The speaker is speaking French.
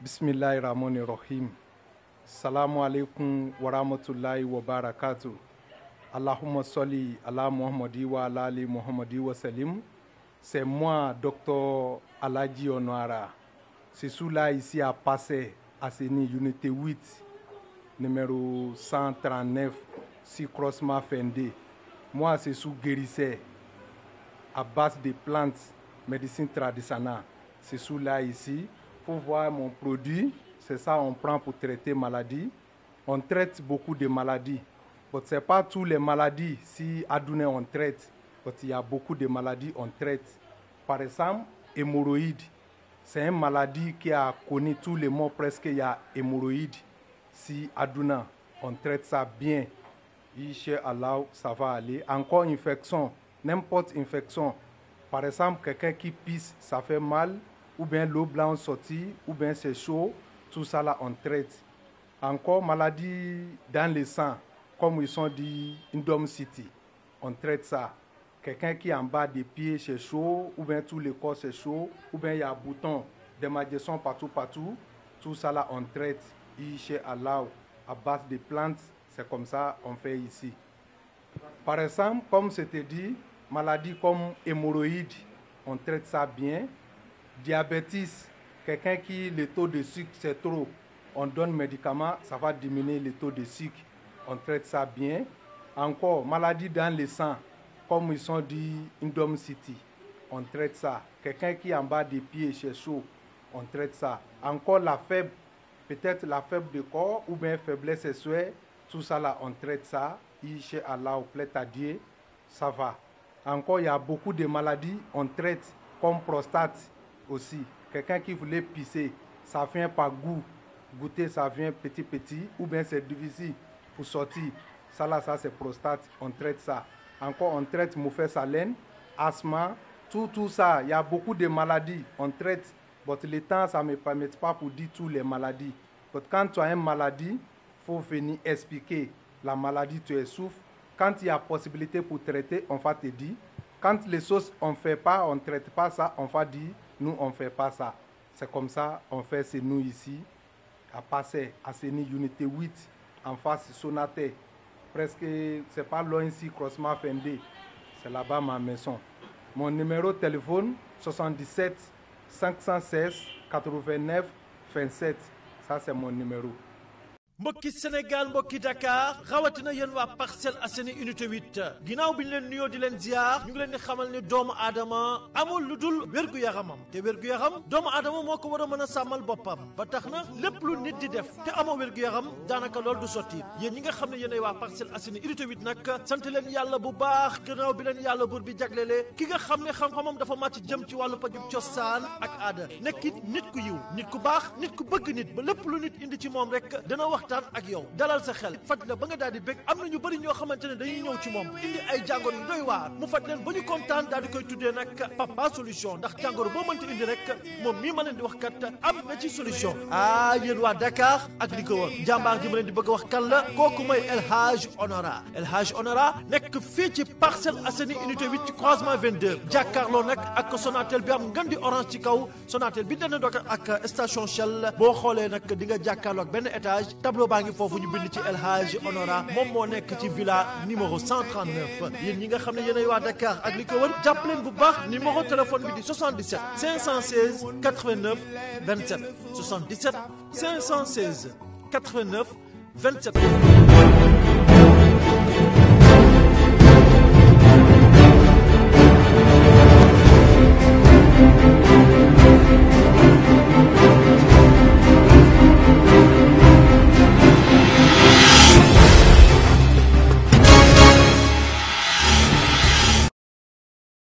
bisimilahi rahmani rahim salamu alaikum wa rahmatulahi wa barakatu allahumma sali ala muhammadi wa ala ali muhammadi wa salim c'est moi docteur alaji onoara c'est sous là ici à passer à Séni unité 8 numéro 139, Cicrosma Fendé. Moi, c'est sous guérisseur, à base de plantes, médecine traditionnelle. C'est sous là ici. Faut voir mon produit. C'est ça on prend pour traiter maladie. On traite beaucoup de maladies. Ce n'est pas toutes les maladies. Si à on traite. il y a beaucoup de maladies, on traite. Par exemple, hémorroïdes. C'est une maladie qui a connu tous les mots presque, il y a hémorroïdes si Aduna, on traite ça bien, Allah, ça va aller. Encore infection, n'importe infection. Par exemple, quelqu'un qui pisse, ça fait mal, ou bien l'eau blanche sortie, ou bien c'est chaud, tout ça là, on traite. Encore maladie dans le sang, comme ils sont dit Indom City, on traite ça. Quelqu'un qui est en bas des pieds, c'est chaud, ou bien tout le corps, c'est chaud, ou bien il y a un bouton, des partout, partout, tout ça là, on traite chez Allah à base de plantes, c'est comme ça on fait ici. Par exemple, comme c'était dit, maladie comme hémorroïdes, on traite ça bien. Diabète, quelqu'un qui le taux de sucre c'est trop, on donne médicaments, ça va diminuer le taux de sucre. On traite ça bien. Encore, maladie dans le sang, comme ils sont dit Indom City, on traite ça. Quelqu'un qui en bas des pieds chez chaud, on traite ça. Encore la faible peut-être la faible de corps ou bien faiblesse souhait. tout ça là, on traite ça. Chez Allah, ou plaît à Dieu, ça va. Encore, il y a beaucoup de maladies, on traite comme prostate aussi. Quelqu'un qui voulait pisser, ça vient par goût. Goûter, ça vient petit petit, ou bien c'est difficile pour sortir. Ça là, ça c'est prostate, on traite ça. Encore, on traite mauvaise haleine, asthme, tout, tout ça. Il y a beaucoup de maladies, on traite les le temps, ça ne me permet pas pour dire toutes les maladies. quand tu as une maladie, il faut venir expliquer la maladie, tu es souffre. Quand il y a possibilité pour traiter, on va te dire. Quand les choses, on ne fait pas, on ne traite pas ça, on va dire, nous, on ne fait pas ça. C'est comme ça, on fait, c'est nous ici, à passer à Ceni Unité 8, en face sonate. Presque, c'est pas loin ici, Crossman Fendé. C'est là-bas ma maison. Mon numéro de téléphone, 77 516 89 27. Ça, c'est mon numéro. mbokki Sénégal mbokki Dakar rawatina yéen waa Parcelles Assainies unité 8 ginnaaw bi ñu leen nuyoo di leen ziar ñu ngi leen di xamal ni doomu aadama amul lu dul wér-gu-yaramam te wér-gu-yaram doomu aadama moo ko war a mën a sàmmal boppam ba tax na lépp lu nit di def te amoo wér-gu-yaram daanaka lool du sotti yéen ñi nga xam ne yéen ay waa Parcelles Assainies unité 8 nag sant leen yàlla bu baax ginnaaw bi leen yàlla buur bi jaglelee ki nga xam ne xam-xamam dafa màcc jëm ci wàllu pajub cosaan ak aada nekkit nit ku yiw nit ku baax nit ku bëgg nit ba lépp lu nit indi ci moom rek dana wax waxtaan ak yow dalal sa xel faj la ba nga daal di bég am na ñu bëri ñoo xamante ne dañuy ñëw ci moom indi ay jàngoro yu doy waar mu faj leen ba ñu kontaan daal di koy tuddee nag papa solution ndax jàngoro boo mënta indi rek moom mii ma leen di wax kat am na ci solution ah yéen waa Dakar ak li ko wër jàmbaar ji ma leen di bëgg a wax kan la kooku mooy El Hadj Honora El Honora nekk fii ci Parcelles Assainies unité 8 ci croisement 22 jàkkaarloo nag ak Sonatel bi am bi dana doog ak station Shell boo xoolee di nga jàkkaarloo ak benn étage tableau baa ngi ñu bind ci El Hadj Honora mom mo nekk ci villa numéro 139 yeen ñi nga xamne ne yéenay Dakar ak liko ko wër jàpp leen bu baax numéro téléphone bi di 77 516 89 27 77 516 89 27